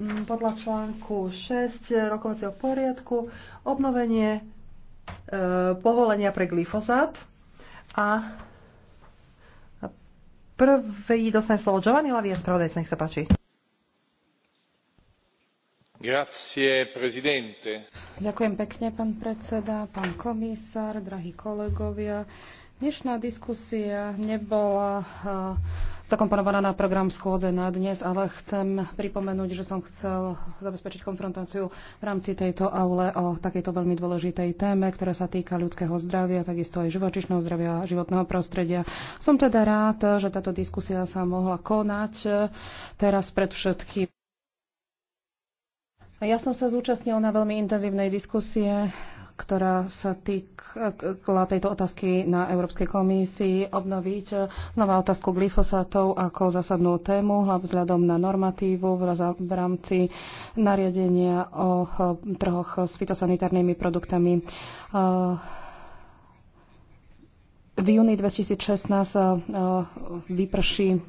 podľa článku 6 e, rokovacieho poriadku obnovenie e, povolenia pre glyfozát a prvý dostane slovo Giovanni Lavia, spravodajca, nech sa páči. Grazie, Ďakujem pekne, pán predseda, pán komisár, drahí kolegovia. Dnešná diskusia nebola uh, zakomponovaná na program schôdze na dnes, ale chcem pripomenúť, že som chcel zabezpečiť konfrontáciu v rámci tejto aule o takejto veľmi dôležitej téme, ktorá sa týka ľudského zdravia, takisto aj živočišného zdravia a životného prostredia. Som teda rád, že táto diskusia sa mohla konať teraz pred všetkým. Ja som sa zúčastnil na veľmi intenzívnej diskusie ktorá sa týkala tejto otázky na Európskej komisii, obnoviť eh, znova otázku glyfosátov ako zásadnú tému, hlavne vzhľadom na normatívu v rámci nariadenia o eh, trhoch s fitosanitárnymi produktami. Eh, v júni 2016 vyprší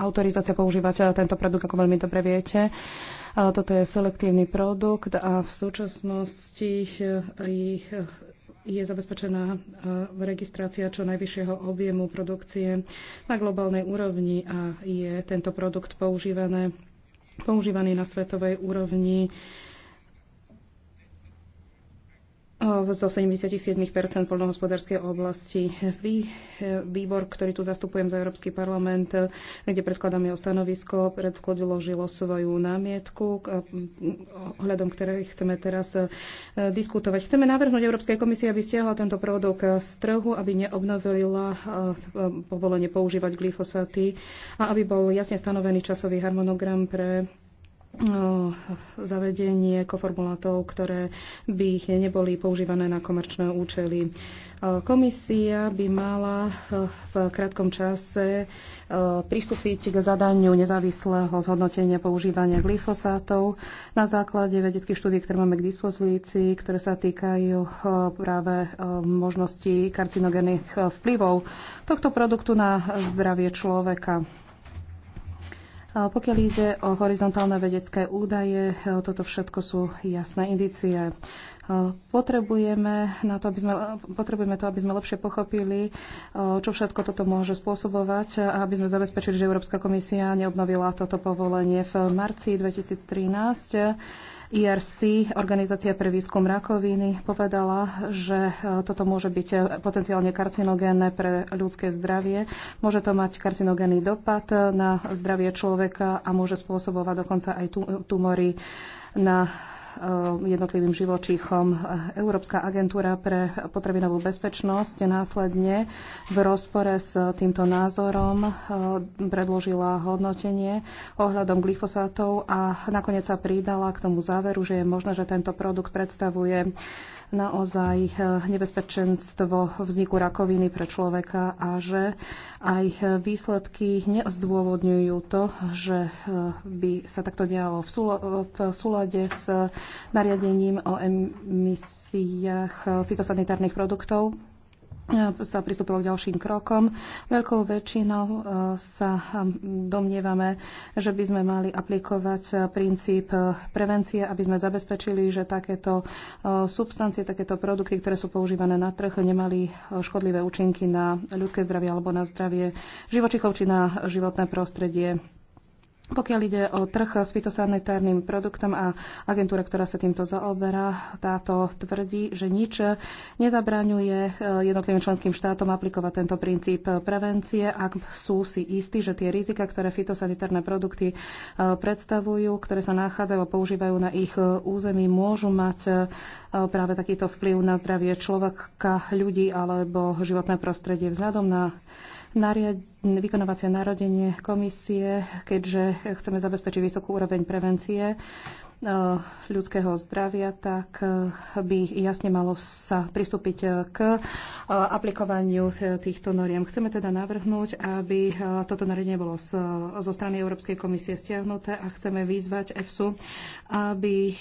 autorizácia používať tento produkt, ako veľmi dobre viete. Toto je selektívny produkt a v súčasnosti ich je zabezpečená e, registrácia čo najvyššieho objemu produkcie na globálnej úrovni a je tento produkt používaný na svetovej úrovni zo 77% poľnohospodárskej oblasti. Vy, e, výbor, ktorý tu zastupujem za Európsky parlament, e, kde predkladám jeho stanovisko, predložilo svoju námietku, e, ohľadom ktorej chceme teraz diskutovať. Chceme navrhnúť Európskej komisii, aby stiahla tento produkt z trhu, aby neobnovila povolenie používať glyfosaty a aby bol jasne stanovený časový harmonogram pre Hm, zavedenie koformulátov, ktoré by neboli používané na komerčné účely. Komisia by mala hm, v krátkom čase hm, pristúpiť k zadaniu nezávislého zhodnotenia používania glyfosátov na základe vedeckých štúdí, ktoré máme k dispozícii, ktoré sa týkajú práve možností karcinogénnych vplyvov tohto produktu na zdravie človeka. Pokiaľ ide o horizontálne vedecké údaje, e, toto všetko sú jasné indície. E, potrebujeme, na to, aby sme, potrebujeme to, aby sme lepšie pochopili, e, čo všetko toto môže spôsobovať a aby sme zabezpečili, že Európska komisia neobnovila toto povolenie v marci 2013 IRC, e Organizácia pre výskum rakoviny, povedala, že e, toto môže byť e, potenciálne karcinogénne pre ľudské zdravie. Môže to mať karcinogénny dopad na zdravie človeka a môže spôsobovať dokonca aj tumory na Eh, jednotlivým živočíchom. Európska agentúra pre potravinovú bezpečnosť následne v rozpore s týmto názorom eh, predložila hodnotenie ohľadom glyfosátov a nakoniec sa pridala k tomu záveru, že je možné, že tento produkt predstavuje naozaj eh, nebezpečenstvo vzniku rakoviny pre človeka a že aj eh, výsledky nezdôvodňujú to, že eh, by sa takto dialo v súlade s nariadením o emisiách fitosanitárnych produktov sa pristúpilo k ďalším krokom. Veľkou väčšinou e, sa hm, domnievame, že by sme mali aplikovať e, princíp e, prevencie, aby sme zabezpečili, že takéto substancie, takéto produkty, ktoré sú používané na trh, nemali škodlivé účinky na ľudské zdravie alebo na zdravie živočichov či na životné prostredie. Pokiaľ ide o trh s fitosanitárnym produktom a agentúra, ktorá sa týmto zaoberá, táto tvrdí, že nič nezabraňuje eh, jednotlivým členským štátom aplikovať tento princíp prevencie, ak sú si istí, že tie rizika, ktoré fitosanitárne produkty eh, predstavujú, ktoré sa nachádzajú a používajú na ich eh, území, môžu mať práve takýto vplyv na zdravie človeka, ľudí alebo životné prostredie vzhľadom na nariad- vykonovacie narodenie komisie, keďže chceme zabezpečiť vysokú úroveň prevencie Eh, ľudského zdravia, tak eh, by jasne malo sa pristúpiť eh, k aplikovaniu týchto noriem. Chceme teda navrhnúť, aby toto nariadenie bolo zo strany Európskej komisie stiahnuté a chceme vyzvať EFSU, aby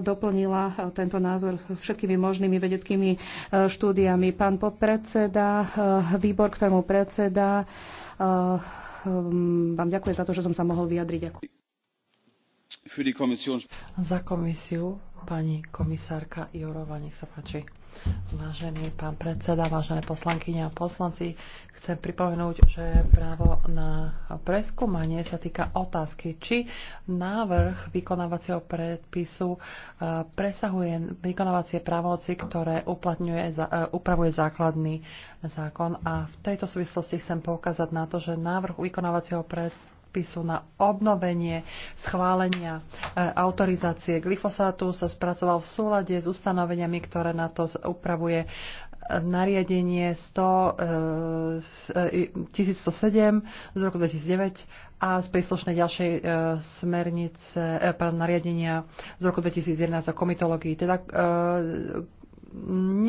doplnila tento názor všetkými možnými vedeckými štúdiami. Pán podpredseda, výbor, ktorému predseda, vám ďakujem za to, že som sa mohol vyjadriť. Ďakujem. Za komisiu pani komisárka Jourova, nech sa páči. Vážený pán predseda, vážené poslankyne a poslanci, chcem pripomenúť, že právo na preskúmanie sa týka otázky, či návrh vykonávacieho predpisu e, presahuje vykonávacie právoci, ktoré uplatňuje, e, upravuje základný zákon. A v tejto súvislosti chcem poukázať na to, že návrh vykonávacieho predpisu predpisu na obnovenie schválenia eh, autorizácie glyfosátu sa spracoval v súlade s ustanoveniami, ktoré na to upravuje eh, nariadenie 100, 1107 eh, z roku 2009 a z príslušnej ďalšej smernice, pardon, nariadenia z roku 2011 o komitológii. Teda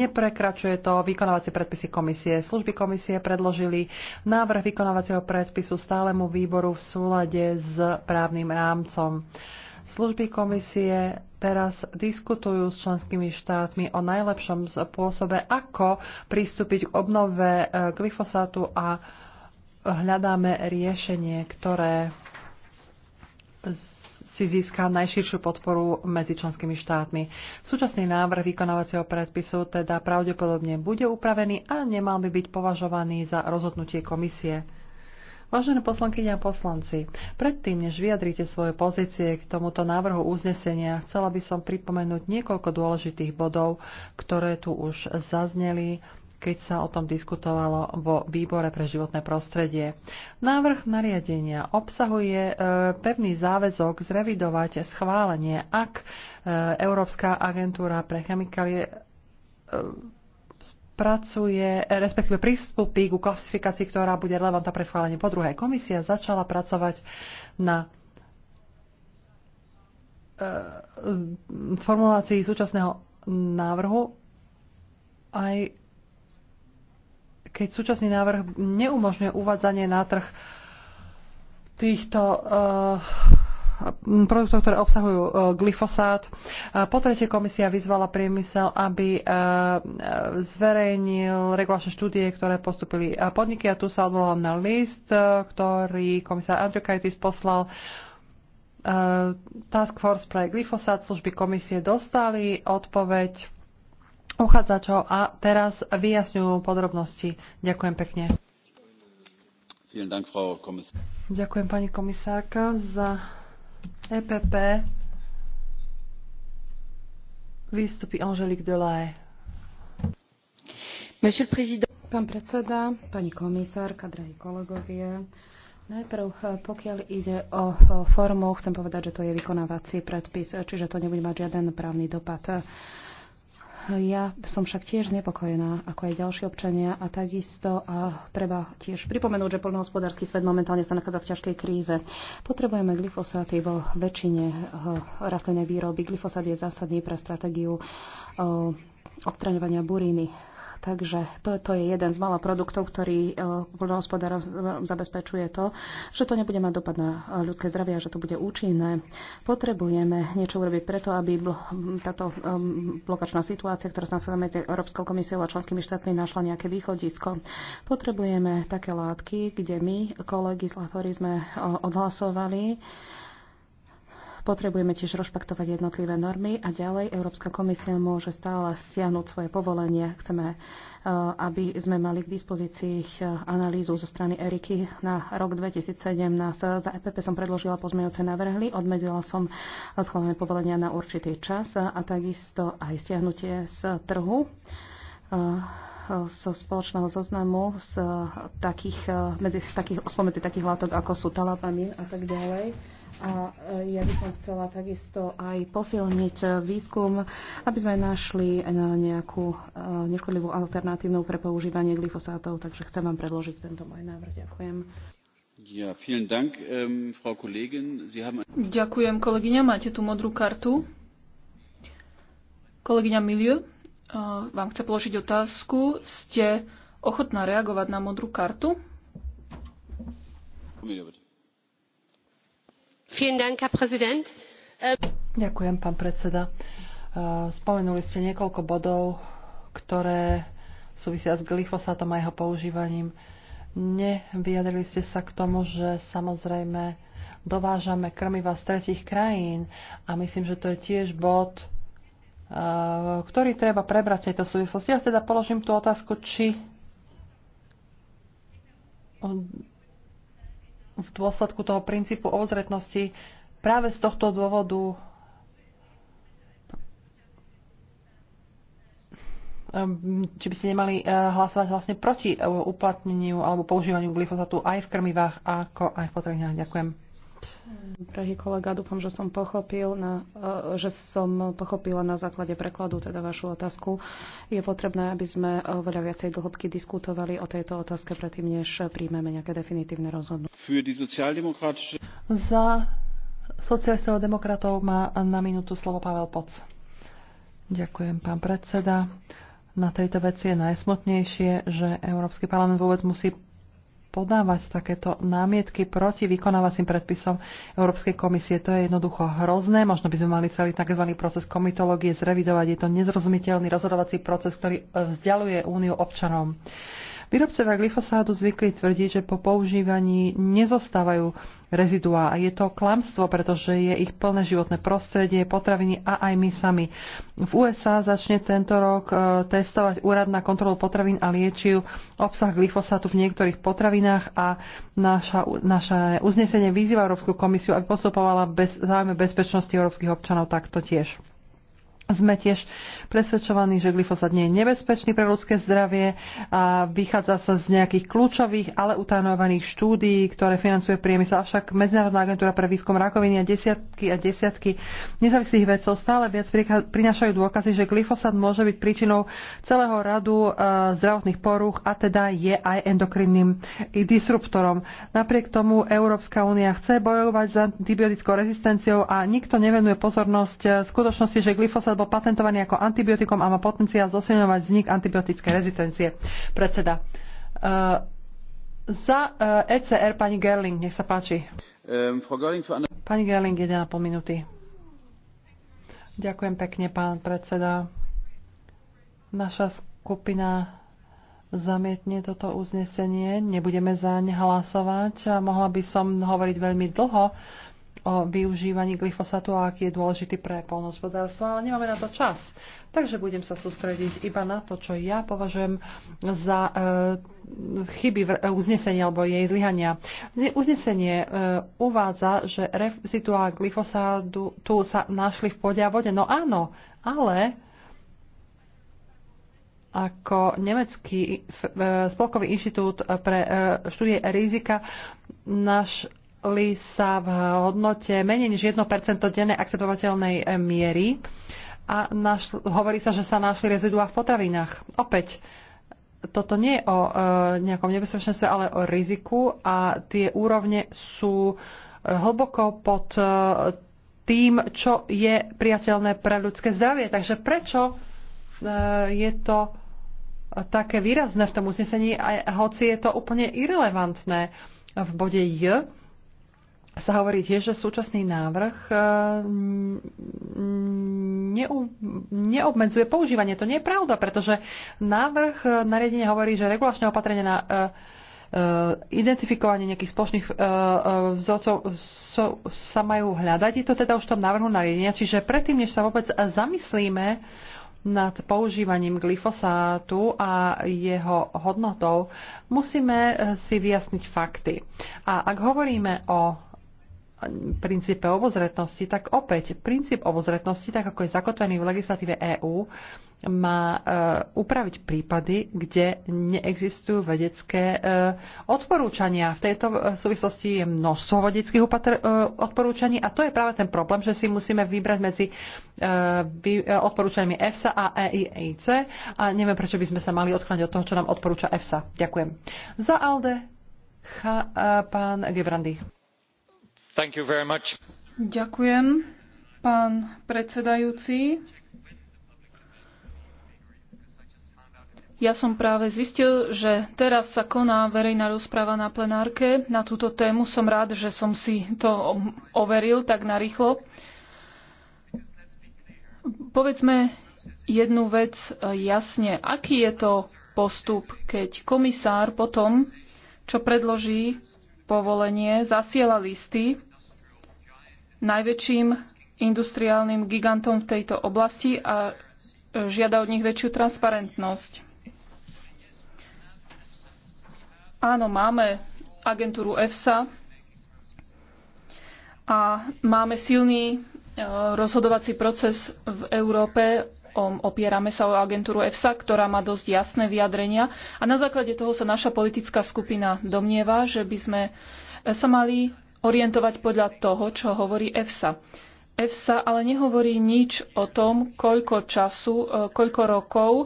neprekračuje to vykonávacie predpisy komisie. Služby komisie predložili návrh vykonávacieho predpisu stálemu výboru v súlade s právnym rámcom. Služby komisie teraz diskutujú s členskými štátmi o najlepšom spôsobe, ako pristúpiť k obnove e, glyfosátu a hľadáme riešenie, ktoré si získa najširšiu podporu medzi členskými štátmi. Súčasný návrh vykonávacieho predpisu teda pravdepodobne bude upravený a nemal by byť považovaný za rozhodnutie komisie. Vážené poslankyne a poslanci, predtým, než vyjadrite svoje pozície k tomuto návrhu uznesenia, chcela by som pripomenúť niekoľko dôležitých bodov, ktoré tu už zazneli keď sa o tom diskutovalo vo výbore pre životné prostredie. Návrh nariadenia obsahuje e, pevný záväzok zrevidovať schválenie, ak e, Európska agentúra pre chemikálie e, pracuje, respektíve prístupy ku klasifikácii, ktorá bude relevantná pre schválenie. Po druhé, komisia začala pracovať na formulácii súčasného návrhu aj keď súčasný návrh neumožňuje uvádzanie na trh týchto eh, produktov, ktoré obsahujú eh, glyfosát. Eh, po tretie komisia vyzvala priemysel, aby zverejnil regulačné štúdie, ktoré postupili podniky. A tu sa odvolám na list, ktorý komisár Kajtis poslal Task Force pre glyfosát služby komisie dostali odpoveď uchádzačov a teraz vyjasňujú podrobnosti. Ďakujem pekne. Ďakujem pani komisárka za EPP. Výstupy Angelique Delahaye. Pán predseda, pani komisárka, drahí kolegovia, Najprv, eh, pokiaľ ide o formu, chcem povedať, že to je vykonávací predpis, eh, čiže to nebude mať žiaden právny dopad. Ja som však tiež znepokojená, ako aj ďalší občania a takisto a treba tiež pripomenúť, že poľnohospodársky svet momentálne sa nachádza v ťažkej kríze. Potrebujeme glyfosáty vo väčšine eh, rastlinnej výroby. Glyfosát je zásadný pre stratégiu eh, odstraňovania buriny Takže toto je jeden z malých produktov, ktorý e, poľnohospodárov zabezpečuje to, že to nebude mať dopad na e, ľudské zdravie a že to bude účinné. Potrebujeme niečo urobiť preto, aby táto e, blokačná situácia, ktorá sa nachádza medzi Európskou komisiou a členskými štátmi, našla nejaké východisko. Potrebujeme také látky, kde my, kolegy z sme odhlasovali, Potrebujeme tiež rešpektovať jednotlivé normy a ďalej Európska komisia môže stále stiahnuť svoje povolenie. Chceme, eh, aby sme mali k dispozícii eh, analýzu zo strany Eriky na rok 2017. Za EPP som predložila pozmejúce návrhy, odmedzila som eh, schválené povolenia na určitý čas a takisto aj stiahnutie z trhu zo spoločného zoznamu z takých, medzi, takých, spomedzi takých látok, ako sú talabany a tak ďalej. A e, ja by som chcela takisto aj posilniť e, výskum, aby sme našli nejakú e, neškodlivú alternatívnu pre používanie glyfosátov. Takže chcem vám predložiť tento môj návrh. Ďakujem. Ja, vielen Dank, ähm, Frau Kollegin. Sie haben... Ďakujem, kolegyňa. Máte tu modrú kartu. Kolegyňa Miliu, vám chce položiť otázku. Ste ochotná reagovať na modrú kartu? Miliu, Äh, Ďakujem, pán predseda. Äh, spomenuli ste niekoľko bodov, ktoré súvisia s glyfosátom a jeho používaním. Nevyjadrili ste sa k tomu, že samozrejme dovážame krmiva z tretich krajín a myslím, že to je tiež bod, äh, ktorý treba prebrať v tejto súvislosti. Ja teda položím tú otázku, či v dôsledku toho princípu ozretnosti práve z tohto dôvodu ehm, či by ste nemali eh, hlasovať vlastne proti eh, uplatneniu alebo používaniu glyfosátu aj v krmivách ako aj v potravinách. Ďakujem. Drahý kolega, dúfam, že som, pochopil na, e, že som pochopila na základe prekladu teda vašu otázku. Je potrebné, aby sme e, veľa viacej dlhobky diskutovali o tejto otázke predtým, než príjmeme nejaké definitívne rozhodnutie. Za sociálistov a demokratov má na minútu slovo Pavel Poc. Ďakujem, pán predseda. Na tejto veci je najsmutnejšie, že Európsky parlament vôbec musí podávať takéto námietky proti vykonávacím predpisom Európskej komisie. To je jednoducho hrozné. Možno by sme mali celý tzv. proces komitológie zrevidovať. Je to nezrozumiteľný rozhodovací proces, ktorý vzdialuje úniu občanom. Výrobcovia glyfosátu zvykli tvrdiť, že po používaní nezostávajú reziduá a je to klamstvo, pretože je ich plné životné prostredie, potraviny a aj my sami. V USA začne tento rok e, testovať úrad na kontrolu potravín a liečiv obsah glyfosátu v niektorých potravinách a naša, naše uznesenie vyzýva Európsku komisiu, aby postupovala bez záujme bezpečnosti európskych občanov takto tiež. Sme tiež presvedčovaní, že glyfosát nie je nebezpečný pre ľudské zdravie a vychádza sa z nejakých kľúčových, ale utajnovaných štúdií, ktoré financuje priemysel. Avšak Medzinárodná agentúra pre výskum rakoviny a desiatky a desiatky nezávislých vedcov stále viac prinášajú dôkazy, že glyfosát môže byť príčinou celého radu e, zdravotných porúch a teda je aj endokrinným disruptorom. Napriek tomu Európska únia chce bojovať s antibiotickou rezistenciou a nikto nevenuje pozornosť e, skutočnosti, že glyfosát alebo patentovaný ako antibiotikum a má potenciál zosilňovať vznik antibiotickej rezistencie. Predseda. Uh, za uh, eh, ECR pani Gerling, nech sa páči. Um, pani Gerling, 1,5 minúty. Ďakujem pekne, pán predseda. Naša skupina zamietne toto uznesenie, nebudeme zaň hlasovať. Mohla by som hovoriť veľmi dlho, o využívaní glyfosátu a aký je dôležitý pre polnohospodárstvo, ale nemáme na to čas. Takže budem sa sústrediť iba na to, čo ja považujem za e, chyby v e, uznesení alebo jej zlyhania. Uznesenie e, uvádza, že reziduá glyfosátu tu sa našli v pôde a vode. No áno, ale ako Nemecký e, spolkový inštitút pre e, štúdie rizika náš pohybovali sa v hodnote menej než 1% dennej akceptovateľnej eh, miery a našl, hovorí sa, že sa našli reziduá v potravinách. Opäť, toto nie je o e, nejakom nebezpečenstve, ale o riziku a tie úrovne sú eh, hlboko pod e, tým, čo je priateľné pre ľudské zdravie. Takže prečo e, je to také výrazné v tom uznesení, hoci je to úplne irrelevantné v bode J, sa hovorí tiež, že súčasný návrh e, neobmedzuje používanie. To nie je pravda, pretože návrh e, nariadenia hovorí, že regulačné opatrenie na e, identifikovanie nejakých spoločných vzorcov sa majú hľadať. Je to teda už v tom návrhu nariadenia. Čiže predtým, než sa vôbec zamyslíme nad používaním glyfosátu a jeho hodnotou, musíme si vyjasniť fakty. A ak hovoríme o princípe obozretnosti, tak opäť princíp obozretnosti, tak ako je zakotvený v legislatíve EÚ, má e, upraviť prípady, kde neexistujú vedecké e, odporúčania. V tejto e, súvislosti je množstvo vedeckých odporúčaní a to je práve ten problém, že si musíme vybrať medzi odporúčaniami EFSA a EIEC a neviem, prečo by sme sa mali odkláňať od toho, čo nám odporúča EFSA. Ďakujem. Za ALDE, e, pán Gebrandy. Ďakujem, pán predsedajúci. Ja som práve zistil, že teraz sa koná verejná rozpráva na plenárke. Na túto tému som rád, že som si to overil tak narýchlo. Povedzme jednu vec jasne. Aký je to postup, keď komisár potom, čo predloží povolenie, zasiela listy najväčším industriálnym gigantom v tejto oblasti a e, žiada od nich väčšiu transparentnosť. Áno, máme agentúru EFSA a máme silný e, rozhodovací proces v Európe. Opierame sa o agentúru EFSA, ktorá má dosť jasné vyjadrenia a na základe toho sa naša politická skupina domnieva, že by sme sa mali orientovať podľa toho, čo hovorí EFSA. EFSA ale nehovorí nič o tom, koľko času, e, koľko rokov, e,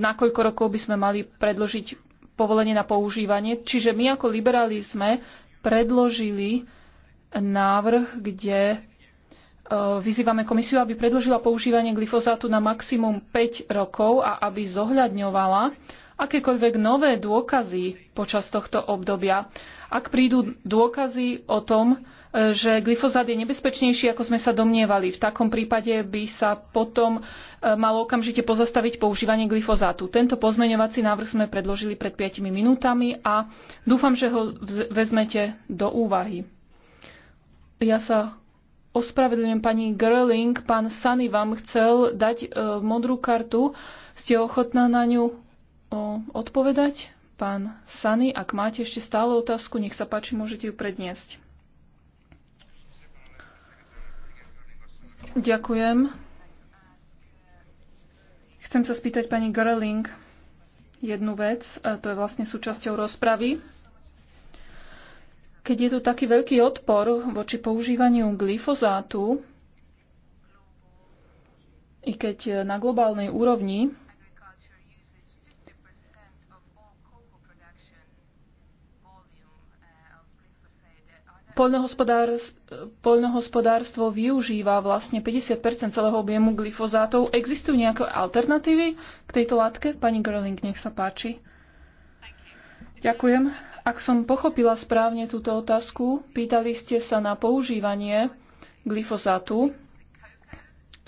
na koľko rokov by sme mali predložiť povolenie na používanie. Čiže my ako liberáli sme predložili návrh, kde e, vyzývame komisiu, aby predložila používanie glyfozátu na maximum 5 rokov a aby zohľadňovala akékoľvek nové dôkazy počas tohto obdobia. Ak prídu dôkazy o tom, e, že glyfozát je nebezpečnejší, ako sme sa domnievali, v takom prípade by sa potom e, malo okamžite pozastaviť používanie glyfozátu. Tento pozmeňovací návrh sme predložili pred 5 minútami a dúfam, že ho vezmete do úvahy. Ja sa ospravedlňujem pani Gerling, pán Sany vám chcel dať e, modrú kartu. Ste ochotná na ňu o, odpovedať. Pán Sany, ak máte ešte stále otázku, nech sa páči, môžete ju predniesť. Ďakujem. Chcem sa spýtať pani Gerling jednu vec, to je vlastne súčasťou rozpravy. Keď je tu taký veľký odpor voči používaniu glyfozátu, i keď na globálnej úrovni poľnohospodárstvo využíva vlastne 50 celého objemu glyfozátov. Existujú nejaké alternatívy k tejto látke? Pani Gröling, nech sa páči. Ďakujem. Ak som pochopila správne túto otázku, pýtali ste sa na používanie glyfozátu.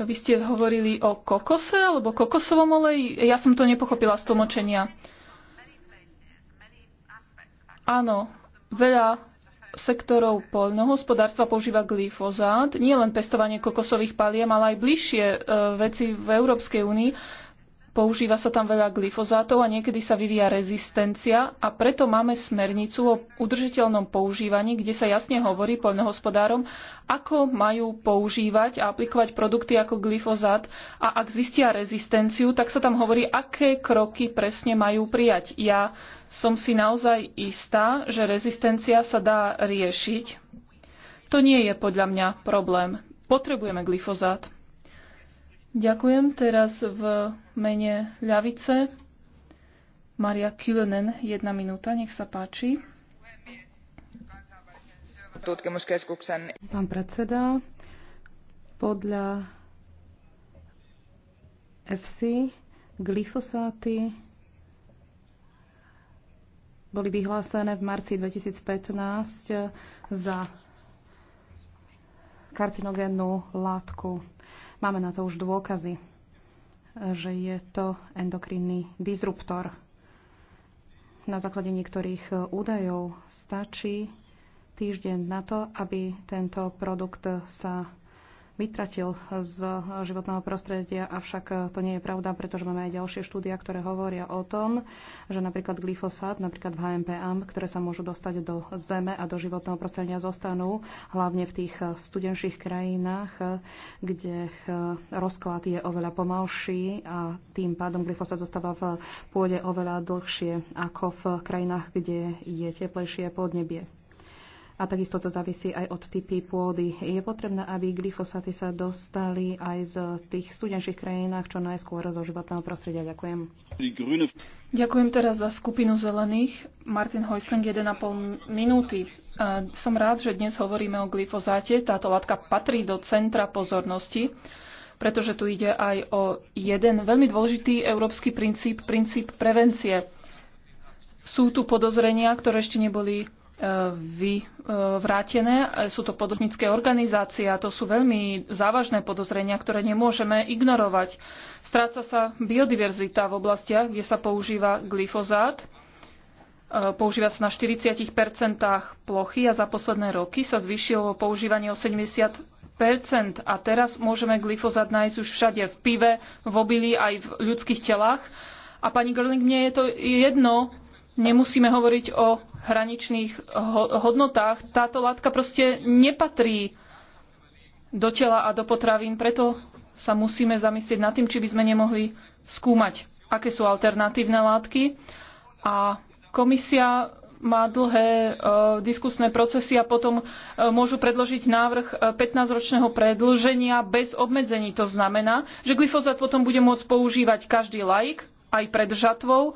Vy ste hovorili o kokose alebo kokosovom oleji? Ja som to nepochopila z tlmočenia. Áno, veľa sektorov poľnohospodárstva používa glyfozát, nie len pestovanie kokosových paliem, ale aj bližšie e, veci v Európskej únii Používa sa tam veľa glyfozátov a niekedy sa vyvíja rezistencia a preto máme smernicu o udržiteľnom používaní, kde sa jasne hovorí poľnohospodárom, ako majú používať a aplikovať produkty ako glyfozát a ak zistia rezistenciu, tak sa tam hovorí, aké kroky presne majú prijať. Ja som si naozaj istá, že rezistencia sa dá riešiť. To nie je podľa mňa problém. Potrebujeme glyfozát. Ďakujem teraz v mene ľavice. Maria Kylönen, jedna minúta, nech sa páči. Pán predseda, podľa FC glyfosáty boli vyhlásené v marci 2015 za karcinogénnu látku. Máme na to už dôkazy, že je to endokrinný disruptor. Na základe niektorých údajov stačí týždeň na to, aby tento produkt sa vytratil z životného prostredia, avšak to nie je pravda, pretože máme aj ďalšie štúdia, ktoré hovoria o tom, že napríklad glyfosát, napríklad v HMPM, ktoré sa môžu dostať do zeme a do životného prostredia zostanú, hlavne v tých studenších krajinách, kde rozklad je oveľa pomalší a tým pádom glyfosát zostáva v pôde oveľa dlhšie ako v krajinách, kde je teplejšie podnebie a takisto to závisí aj od typy pôdy. Je potrebné, aby glyfosáty sa dostali aj z tých studenších krajinách čo najskôr zo životného prostredia. Ďakujem. Ďakujem teraz za skupinu zelených. Martin Hoisling, 1,5 minúty. E, som rád, že dnes hovoríme o glyfozáte. Táto látka patrí do centra pozornosti pretože tu ide aj o jeden veľmi dôležitý európsky princíp, princíp prevencie. Sú tu podozrenia, ktoré ešte neboli vyvrátené. E, sú to podvodnícke organizácie a to sú veľmi závažné podozrenia, ktoré nemôžeme ignorovať. Stráca sa biodiverzita v oblastiach, kde sa používa glyfozát. E, používa sa na 40 plochy a za posledné roky sa zvýšilo používanie o 70 a teraz môžeme glyfozát nájsť už všade, v pive, v obili, aj v ľudských telách. A pani Gerling, mne je to jedno, Nemusíme hovoriť o hraničných hodnotách. Táto látka proste nepatrí do tela a do potravín, preto sa musíme zamyslieť nad tým, či by sme nemohli skúmať, aké sú alternatívne látky. A komisia má dlhé e, diskusné procesy a potom e, môžu predložiť návrh 15-ročného e, predlženia bez obmedzení. To znamená, že glyfozát potom bude môcť používať každý laik, aj pred žatvou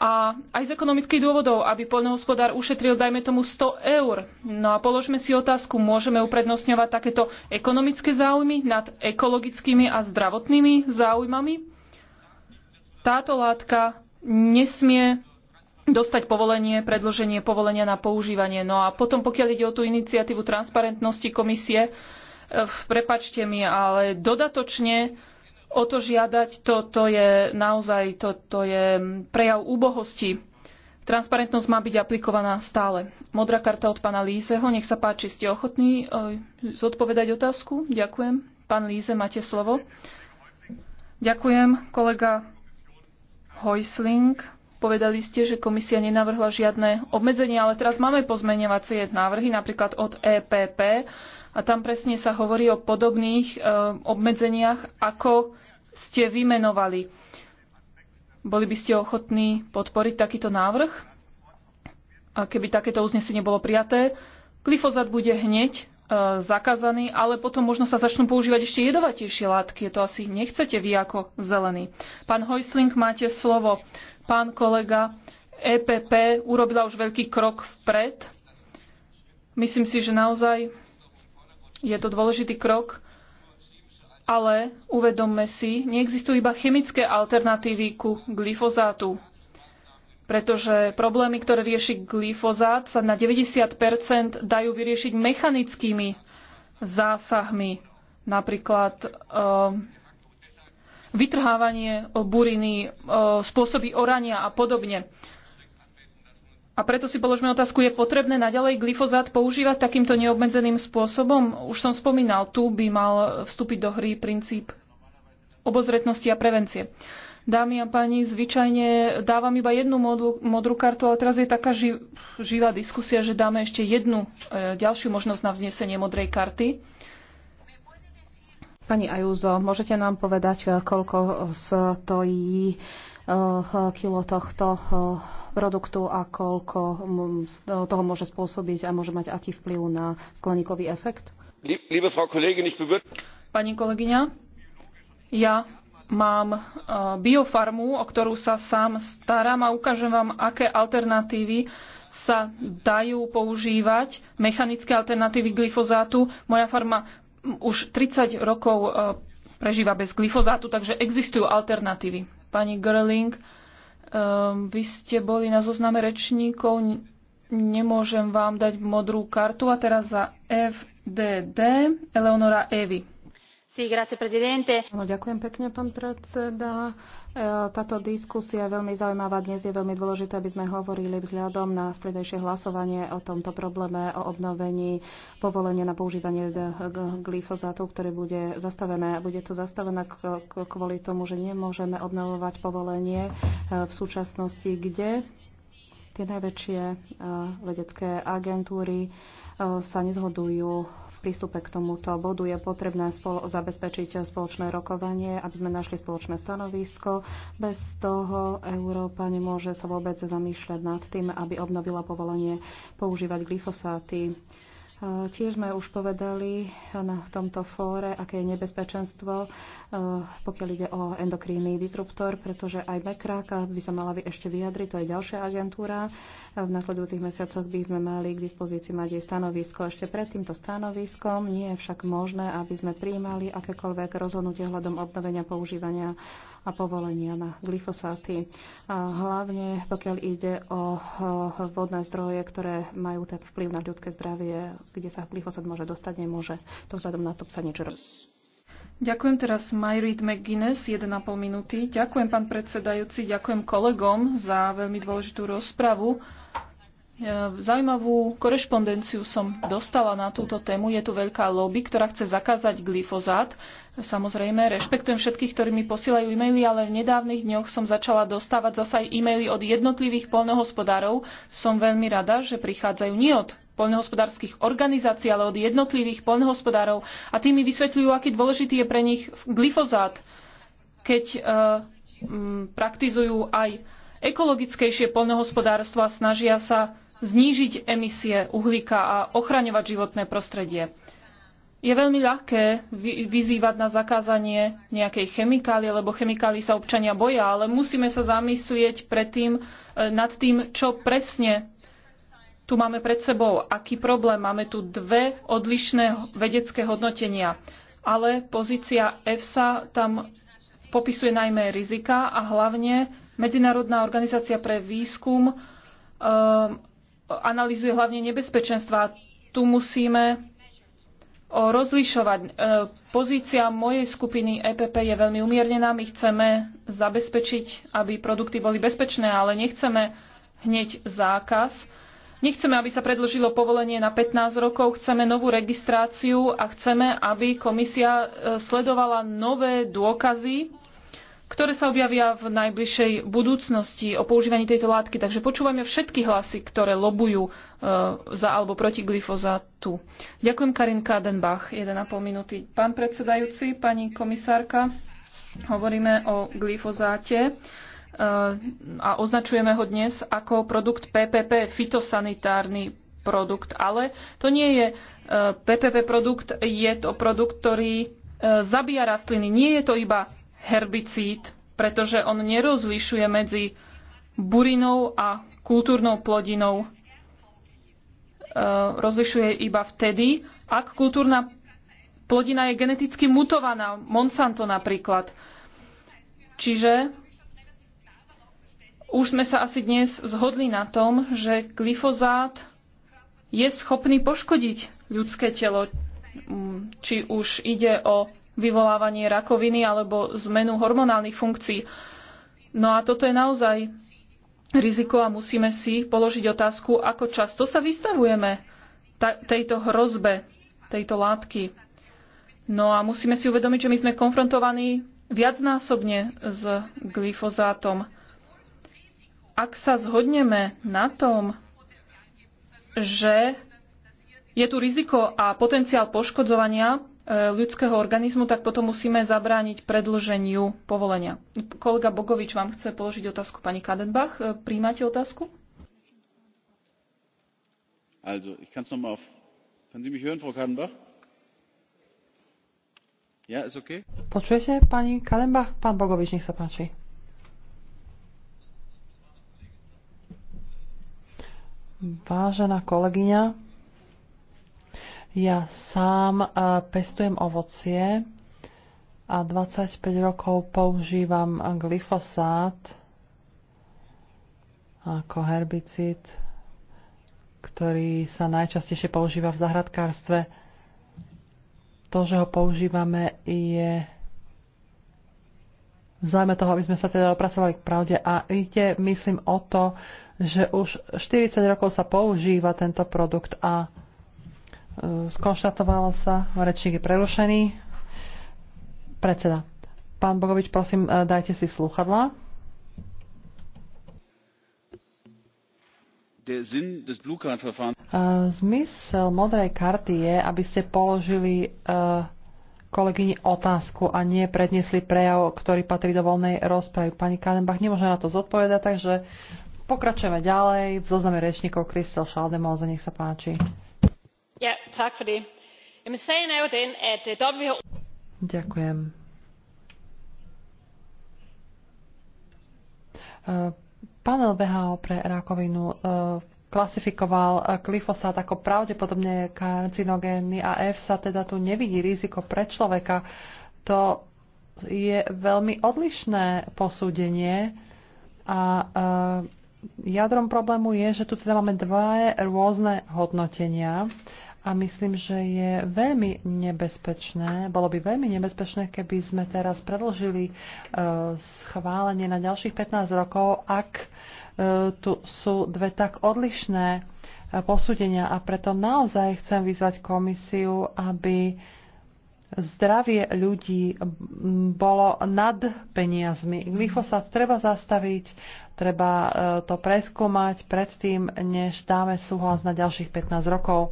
a aj z ekonomických dôvodov, aby poľnohospodár ušetril, dajme tomu, 100 eur. No a položme si otázku, môžeme uprednostňovať takéto ekonomické záujmy nad ekologickými a zdravotnými záujmami? Táto látka nesmie dostať povolenie, predloženie povolenia na používanie. No a potom, pokiaľ ide o tú iniciatívu transparentnosti komisie, eh, prepačte mi, ale dodatočne o to žiadať, to, to je naozaj to, to je prejav úbohosti. Transparentnosť má byť aplikovaná stále. Modrá karta od pána Lízeho. Nech sa páči, ste ochotní e, zodpovedať otázku? Ďakujem. Pán Líze, máte slovo. Ďakujem, kolega Hojsling. Povedali ste, že komisia nenavrhla žiadne obmedzenia, ale teraz máme pozmeňovacie návrhy, napríklad od EPP, a tam presne sa hovorí o podobných e, obmedzeniach, ako ste vymenovali. Boli by ste ochotní podporiť takýto návrh? A keby takéto uznesenie bolo prijaté, glyfozát bude hneď e, zakázaný, ale potom možno sa začnú používať ešte jedovatejšie látky. To asi nechcete vy ako zelený. Pán Hojsling, máte slovo. Pán kolega, EPP urobila už veľký krok vpred. Myslím si, že naozaj je to dôležitý krok ale uvedomme si, neexistujú iba chemické alternatívy ku glyfozátu, pretože problémy, ktoré rieši glyfozát, sa na 90 dajú vyriešiť mechanickými zásahmi, napríklad ehm, vytrhávanie buriny, ehm, spôsoby orania a podobne. A preto si položme otázku, je potrebné naďalej glyfozát používať takýmto neobmedzeným spôsobom? Už som spomínal, tu by mal vstúpiť do hry princíp obozretnosti a prevencie. Dámy a páni, zvyčajne dávam iba jednu modrú, modrú kartu, ale teraz je taká ži, živá diskusia, že dáme ešte jednu e, ďalšiu možnosť na vznesenie modrej karty. Pani Ajúzo, môžete nám povedať, e, koľko stojí Eh, kilo tohto eh, produktu a koľko eh, toho môže spôsobiť a môže mať aký vplyv na skleníkový efekt? Pani kolegyňa, ja mám biofarmu, o ktorú sa sám starám a ukážem vám, aké alternatívy sa dajú používať, mechanické alternatívy glyfozátu. Moja farma mm, už 30 rokov prežíva bez glyfozátu, takže existujú alternatívy. Pani Gerling, ehm, vy ste boli na zozname rečníkov, nemôžem vám dať modrú kartu a teraz za FDD Eleonora Evi no, ďakujem pekne, pán predseda. E, táto diskusia je veľmi zaujímavá. Dnes je veľmi dôležité, aby sme hovorili vzhľadom na stredejšie hlasovanie o tomto probléme, o obnovení povolenia na používanie glyfozátu, ktoré bude zastavené. Bude to zastavené kvôli tomu, že nemôžeme obnovovať povolenie e, v súčasnosti, kde tie najväčšie e, vedecké agentúry sa nezhodujú prístupe k tomuto bodu je potrebné spolo- zabezpečiť spoločné rokovanie, aby sme našli spoločné stanovisko. Bez toho Európa nemôže sa vôbec zamýšľať nad tým, aby obnovila povolenie používať glyfosáty. E, tiež sme už povedali na tomto fóre, aké je nebezpečenstvo, e, pokiaľ ide o endokrínny disruptor, pretože aj Mekráka by sa mala ešte vyjadriť, to je ďalšia agentúra. E, v nasledujúcich mesiacoch by sme mali k dispozícii mať jej stanovisko. Ešte pred týmto stanoviskom nie je však možné, aby sme príjmali akékoľvek rozhodnutie hľadom obnovenia používania a povolenia na glyfosáty. Hlavne pokiaľ ide o vodné zdroje, ktoré majú tak vplyv na ľudské zdravie, kde sa glyfosát môže dostať, nemôže. To vzhľadom na to sa niečo robí. Ďakujem teraz Myrid McGuinness, 1,5 minúty. Ďakujem, pán predsedajúci, ďakujem kolegom za veľmi dôležitú rozpravu. Zaujímavú korešpondenciu som dostala na túto tému. Je tu veľká lobby, ktorá chce zakázať glyfozát. Samozrejme, rešpektujem všetkých, ktorí mi posielajú e-maily, ale v nedávnych dňoch som začala dostávať zasa aj e-maily od jednotlivých poľnohospodárov. Som veľmi rada, že prichádzajú nie od poľnohospodárskych organizácií, ale od jednotlivých poľnohospodárov a tými vysvetľujú, aký dôležitý je pre nich glyfozát, keď uh, m, praktizujú aj ekologickejšie poľnohospodárstvo a snažia sa znížiť emisie uhlíka a ochraňovať životné prostredie. Je veľmi ľahké vyzývať na zakázanie nejakej chemikálie, lebo chemikálie sa občania boja, ale musíme sa zamyslieť predtým, e, nad tým, čo presne tu máme pred sebou, aký problém. Máme tu dve odlišné vedecké hodnotenia, ale pozícia EFSA tam popisuje najmä rizika a hlavne Medzinárodná organizácia pre výskum um, analýzuje hlavne nebezpečenstva. Tu musíme rozlišovať. E, pozícia mojej skupiny EPP je veľmi umiernená. My chceme zabezpečiť, aby produkty boli bezpečné, ale nechceme hneď zákaz. Nechceme, aby sa predložilo povolenie na 15 rokov, chceme novú registráciu a chceme, aby komisia e, sledovala nové dôkazy ktoré sa objavia v najbližšej budúcnosti o používaní tejto látky. Takže počúvame všetky hlasy, ktoré lobujú e, za alebo proti glyfozátu. Ďakujem Karin Kadenbach, 1,5 minúty. Pán predsedajúci, pani komisárka, hovoríme o glyfozáte e, a označujeme ho dnes ako produkt PPP, fitosanitárny produkt, ale to nie je e, PPP produkt, je to produkt, ktorý e, zabíja rastliny. Nie je to iba herbicíd, pretože on nerozlišuje medzi burinou a kultúrnou plodinou. E, rozlišuje iba vtedy, ak kultúrna plodina je geneticky mutovaná, Monsanto napríklad. Čiže už sme sa asi dnes zhodli na tom, že glyfozát je schopný poškodiť ľudské telo, mm, či už ide o vyvolávanie rakoviny alebo zmenu hormonálnych funkcií. No a toto je naozaj riziko a musíme si položiť otázku, ako často sa vystavujeme tejto hrozbe, tejto látky. No a musíme si uvedomiť, že my sme konfrontovaní viacnásobne s glyfozátom. Ak sa zhodneme na tom, že je tu riziko a potenciál poškodzovania ľudského organizmu, tak potom musíme zabrániť predlženiu povolenia. Kolega Bogovič vám chce položiť otázku. Pani Kadenbach, e, príjmate otázku? Also, ich kann es nochmal auf... Können Sie mich hören, Frau Kadenbach? Ja, ist okay? Počujete, pani Kadenbach? Pán Bogovič, nech sa páči. Vážená kolegyňa, ja sám eh, pestujem ovocie a 25 rokov používam eh, glyfosát ako herbicid, ktorý sa najčastejšie používa v zahradkárstve. To, že ho používame, je v toho, aby sme sa teda opracovali k pravde. A ide, myslím, o to, že už 40 rokov sa používa tento produkt a Skonštatovalo sa, rečník je prerušený. Predseda. Pán Bogovič, prosím, e, dajte si slúchadlá. E, zmysel modrej karty je, aby ste položili e, kolegyni otázku a nie predniesli prejav, ktorý patrí do voľnej rozpravy. Pani Kadenbach nemôže na to zodpovedať, takže pokračujeme ďalej. V zozname rečníkov Kristel za nech sa páči. Panel WHO pre rakovinu eh, klasifikoval eh, glyfosát ako pravdepodobne karcinogénny a EFSA teda tu nevidí riziko pre človeka. To je veľmi odlišné posúdenie a eh, jadrom problému je, že tu teda máme dva rôzne hodnotenia a myslím, že je veľmi nebezpečné, bolo by veľmi nebezpečné, keby sme teraz predlžili e, schválenie na ďalších 15 rokov, ak e, tu sú dve tak odlišné e, posúdenia. A preto naozaj chcem vyzvať komisiu, aby zdravie ľudí bolo nad peniazmi. Glyfosát treba zastaviť, treba to preskúmať predtým, než dáme súhlas na ďalších 15 rokov.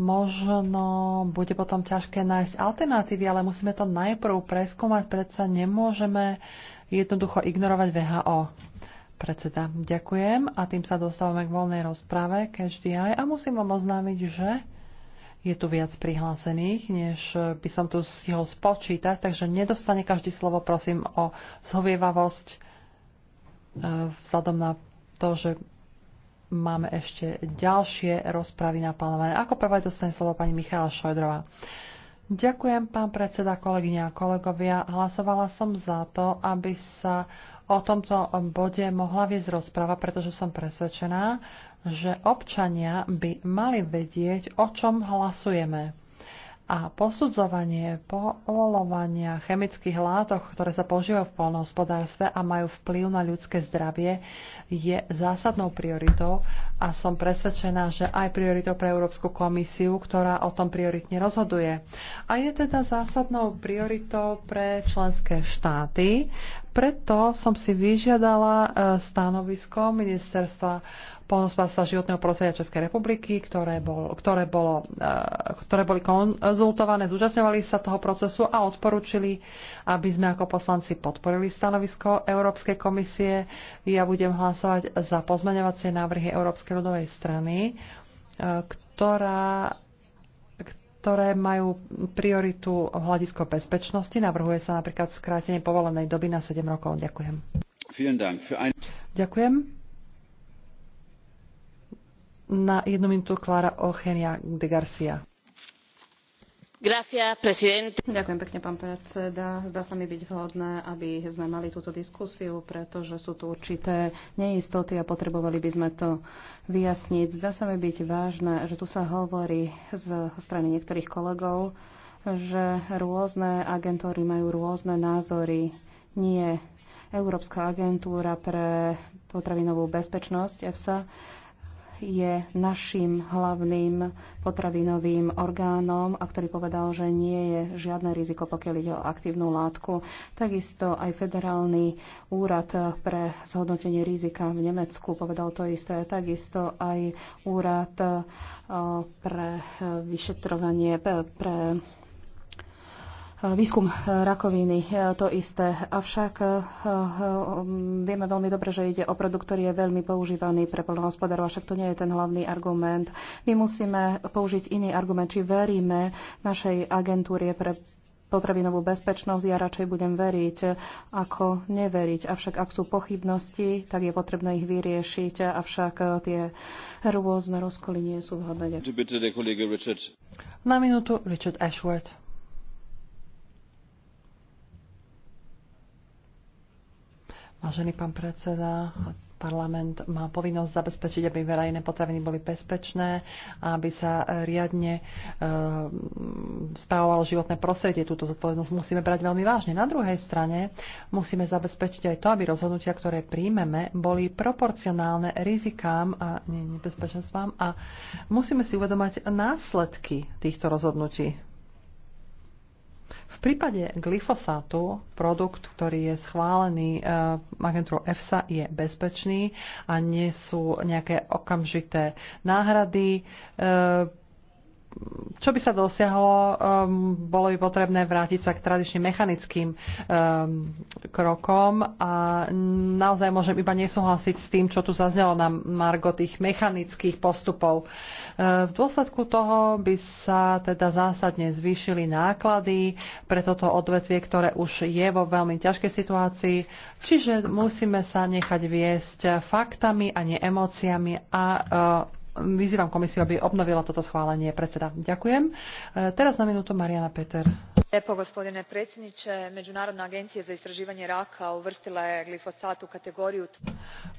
Možno bude potom ťažké nájsť alternatívy, ale musíme to najprv preskúmať, predsa nemôžeme jednoducho ignorovať VHO. Predseda, ďakujem a tým sa dostávame k voľnej rozprave KHDI a musím vám oznámiť, že je tu viac prihlásených, než by som tu stihol spočítať, takže nedostane každý slovo, prosím o zhovievavosť e, vzhľadom na to, že máme ešte ďalšie rozpravy naplánované. Ako prvá dostane slovo pani Michála Šojdrová. Ďakujem, pán predseda, kolegyne a kolegovia. Hlasovala som za to, aby sa o tomto bode mohla viesť rozprava, pretože som presvedčená, že občania by mali vedieť, o čom hlasujeme a posudzovanie povolovania chemických látok, ktoré sa používajú v polnohospodárstve a majú vplyv na ľudské zdravie, je zásadnou prioritou a som presvedčená, že aj prioritou pre Európsku komisiu, ktorá o tom prioritne rozhoduje. A je teda zásadnou prioritou pre členské štáty, preto som si vyžiadala e, stanovisko ministerstva polnospodárstva životného prostredia Českej republiky, ktoré, bol, ktoré, bolo, e, ktoré boli konzultované, zúčastňovali sa toho procesu a odporúčili, aby sme ako poslanci podporili stanovisko Európskej komisie. Ja budem hlasovať za pozmeňovacie návrhy Európskej ľudovej strany, e, ktorá ktoré majú prioritu hľadisko bezpečnosti. Navrhuje sa napríklad skrátenie povolenej doby na 7 rokov. Ďakujem. Ďakujem. Na jednu minútu Klára Ochenia de Garcia. Ďakujem pekne, pán predseda. Zdá sa mi byť vhodné, aby sme mali túto diskusiu, pretože sú tu určité neistoty a potrebovali by sme to vyjasniť. Zdá sa mi byť vážne, že tu sa hovorí zo strany niektorých kolegov, že rôzne agentúry majú rôzne názory. Nie Európska agentúra pre potravinovú bezpečnosť EFSA je našim hlavným potravinovým orgánom a ktorý povedal, že nie je žiadne riziko, pokiaľ ide o aktívnu látku. Takisto aj Federálny úrad pre zhodnotenie rizika v Nemecku povedal to isté. Takisto aj úrad eh, pre eh, vyšetrovanie, eh, pre výskum eh, rakoviny eh, to isté. Avšak eh, vieme veľmi dobre, že ide o produkt, ktorý je veľmi používaný pre polnohospodárov, avšak to nie je ten hlavný argument. My musíme použiť iný argument, či veríme našej agentúrie pre potravinovú bezpečnosť, ja radšej budem veriť, ako neveriť. Avšak ak sú pochybnosti, tak je potrebné ich vyriešiť, avšak tie rôzne rozkoly nie sú vhodné. Na minútu Richard Ashworth. Vážený pán predseda, parlament má povinnosť zabezpečiť, aby verejné potraviny boli bezpečné a aby sa riadne e, spravovalo životné prostredie. Túto zodpovednosť musíme brať veľmi vážne. Na druhej strane musíme zabezpečiť aj to, aby rozhodnutia, ktoré príjmeme, boli proporcionálne rizikám a nebezpečenstvám a musíme si uvedomať následky týchto rozhodnutí v prípade glyfosátu produkt, ktorý je schválený eh, agentúrou EFSA, je bezpečný a nie sú nejaké okamžité náhrady. Eh, čo by sa dosiahlo, um, bolo by potrebné vrátiť sa k tradičným mechanickým um, krokom a naozaj môžem iba nesúhlasiť s tým, čo tu zaznelo na margo tých mechanických postupov. Uh, v dôsledku toho by sa teda zásadne zvýšili náklady pre toto odvetvie, ktoré už je vo veľmi ťažkej situácii, čiže musíme sa nechať viesť faktami a nie emóciami a uh, vyzývam komisiu, aby obnovila toto schválenie. Predseda, ďakujem. E, teraz na minútu Mariana Peter. Lijepo, gospodine predsjedniče. Međunarodna agencija za istraživanje raka uvrstila je glifosat u kategoriju...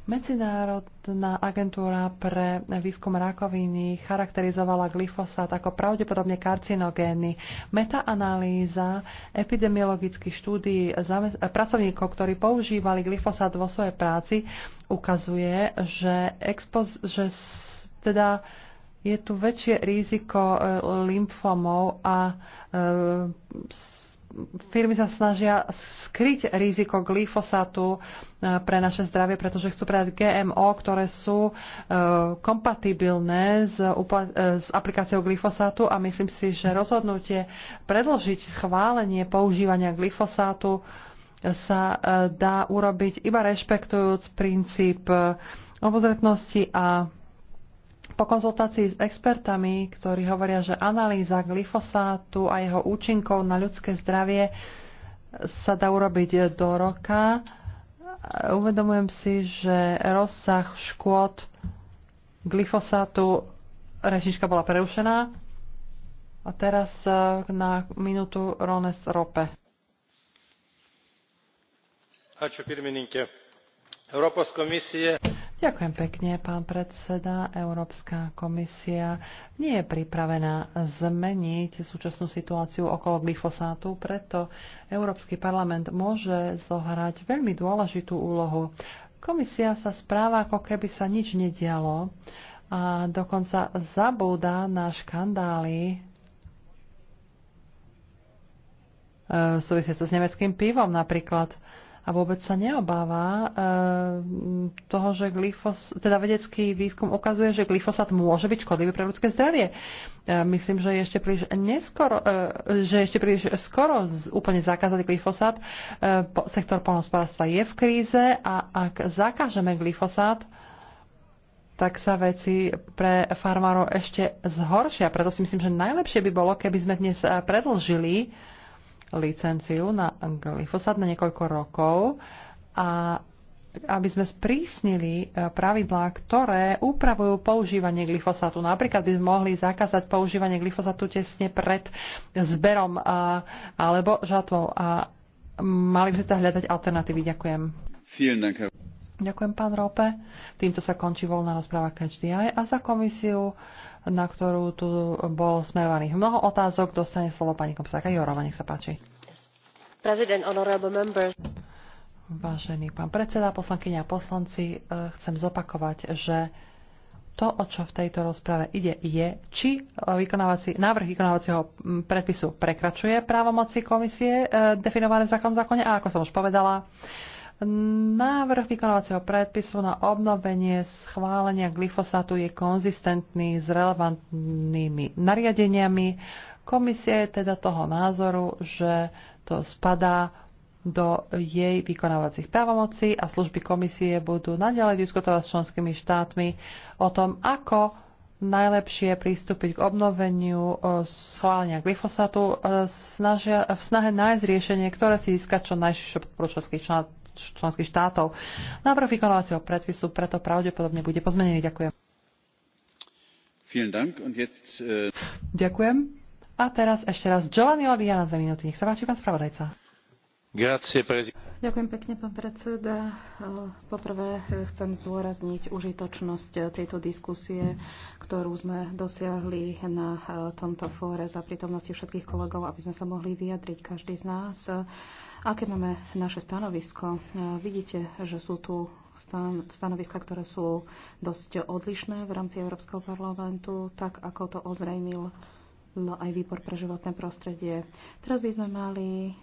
Medzinárodná agentúra pre výskum rakoviny charakterizovala glyfosát ako pravdepodobne karcinogénny. Metaanalýza epidemiologických štúdií pracovníkov, ktorí používali glyfosát vo svojej práci, ukazuje, že, expoz- že teda je tu väčšie riziko e, lymfomov a e, firmy sa snažia skryť riziko glyfosátu e, pre naše zdravie, pretože chcú predať GMO, ktoré sú kompatibilné s, s aplikáciou glyfosátu a myslím si, že rozhodnutie predložiť schválenie používania glyfosátu sa dá urobiť iba rešpektujúc princíp obozretnosti a po konzultácii s expertami, ktorí hovoria, že analýza glyfosátu a jeho účinkov na ľudské zdravie sa dá urobiť do roka, uvedomujem si, že rozsah škôd glyfosátu rešička bola prerušená. A teraz e, na minútu Rones Rope. Ačiū pirmininkė. Europos komisija. Ďakujem pekne, pán predseda. Európska komisia nie je pripravená zmeniť súčasnú situáciu okolo glyfosátu, preto Európsky parlament môže zohrať veľmi dôležitú úlohu. Komisia sa správa, ako keby sa nič nedialo a dokonca zabúda na škandály e, súvisiace s nemeckým pivom napríklad a vôbec sa neobáva e, toho, že glyfos, teda vedecký výskum ukazuje, že glyfosát môže byť škodlivý pre ľudské zdravie. E, myslím, že ešte príliš neskoro, e, že ešte príliš skoro z, úplne zakázať glyfosát. E, po, sektor polnospodárstva je v kríze a ak zakážeme glyfosát, tak sa veci pre farmárov ešte zhoršia. Preto si myslím, že najlepšie by bolo, keby sme dnes predlžili uh, licenciu na glyfosát na niekoľko rokov a aby sme sprísnili e, pravidlá, ktoré upravujú používanie glyfosátu. Napríklad by sme mohli zakázať používanie glyfosátu tesne pred zberom a, alebo žatvou. A mali by sme hľadať alternatívy. Ďakujem. Ďakujem, pán Rope. Týmto sa končí voľná rozpráva KHDI a za komisiu na ktorú tu bolo smerovaných mnoho otázok. Dostane slovo pani komisárka Jorova, nech sa páči. Vážený pán predseda, poslankyňa a poslanci, eh, chcem zopakovať, že to, o čo v tejto rozprave ide, je, či eh, vykonávací, návrh vykonávacieho mm, predpisu prekračuje právomoci komisie eh, definované v zákonom zákone a ako som už povedala, Návrh vykonávacieho predpisu na obnovenie schválenia glyfosátu je konzistentný s relevantnými nariadeniami. Komisia je teda toho názoru, že to spadá do jej vykonávacích právomocí a služby komisie budú naďalej diskutovať s členskými štátmi o tom, ako najlepšie pristúpiť k obnoveniu e, schválenia glyfosátu e, v snahe nájsť riešenie, ktoré si získa čo najširšiu podporu členských členských štátov. Návrh vykonávacieho predpisu preto pravdepodobne bude pozmenený. Ďakujem. Äh, Ďakujem. A teraz ešte raz Giovanni Lavia na dve minúty. Nech sa páči, pán spravodajca. Grazie, prezident. Ďakujem pekne, pán predseda. Poprvé eh, chcem zdôrazniť užitočnosť eh, tejto diskusie, ktorú sme dosiahli na eh, tomto fóre za prítomnosti všetkých kolegov, aby sme sa mohli vyjadriť každý z nás. Aké máme naše stanovisko? Vidíte, že sú tu stanoviska, ktoré sú dosť odlišné v rámci Európskeho parlamentu, tak ako to ozrejmil no, aj výbor pre životné prostredie. Teraz by sme mali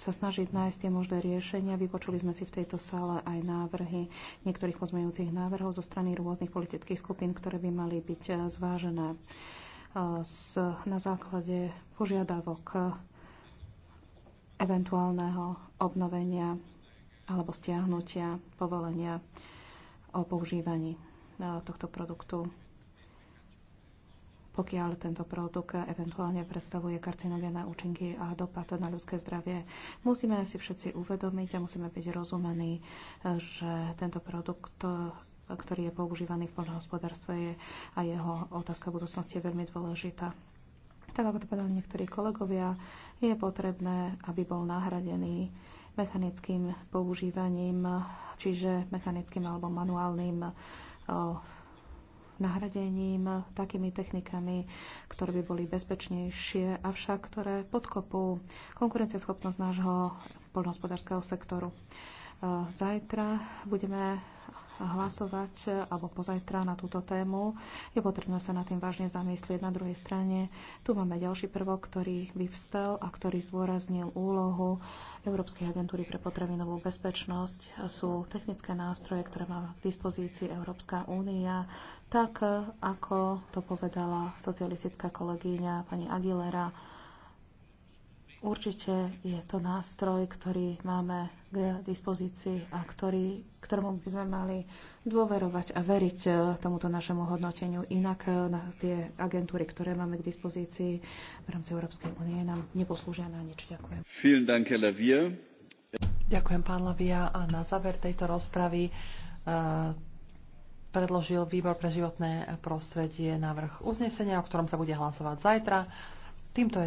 sa snažiť nájsť tie možné riešenia. Vypočuli sme si v tejto sále aj návrhy niektorých pozmejúcich návrhov zo strany rôznych politických skupín, ktoré by mali byť eh, zvážené eh, na základe požiadavok eh, eventuálneho obnovenia alebo stiahnutia povolenia o používaní tohto produktu pokiaľ tento produkt eventuálne predstavuje karcinogénne účinky a dopad na ľudské zdravie. Musíme si všetci uvedomiť a musíme byť rozumení, že tento produkt ktorý je používaný v poľnohospodárstve je, a jeho otázka v budúcnosti je veľmi dôležitá. Tak ako to povedali niektorí kolegovia, je potrebné, aby bol nahradený mechanickým používaním, čiže mechanickým alebo manuálnym nahradením takými technikami, ktoré by boli bezpečnejšie, avšak ktoré podkopú konkurencieschopnosť nášho poľnohospodárskeho sektoru. E, zajtra budeme hlasovať e, alebo pozajtra na túto tému. Je potrebné sa na tým vážne zamyslieť. Na druhej strane tu máme ďalší prvok, ktorý vyvstal a ktorý zdôraznil úlohu Európskej agentúry pre potravinovú bezpečnosť. Sú technické nástroje, ktoré má k dispozícii Európska únia, tak e, ako to povedala socialistická kolegyňa pani Aguilera Určite je to nástroj, ktorý máme k dispozícii a ktorý, ktorému by sme mali dôverovať a veriť e, tomuto našemu hodnoteniu. Inak e, na tie agentúry, ktoré máme k dispozícii v rámci Európskej únie, nám neposlúžia na nič. Ďakujem. Ďakujem, pán Lavia. A na záver tejto rozpravy e, predložil Výbor pre životné prostredie návrh uznesenia, o ktorom sa bude hlasovať zajtra. Týmto je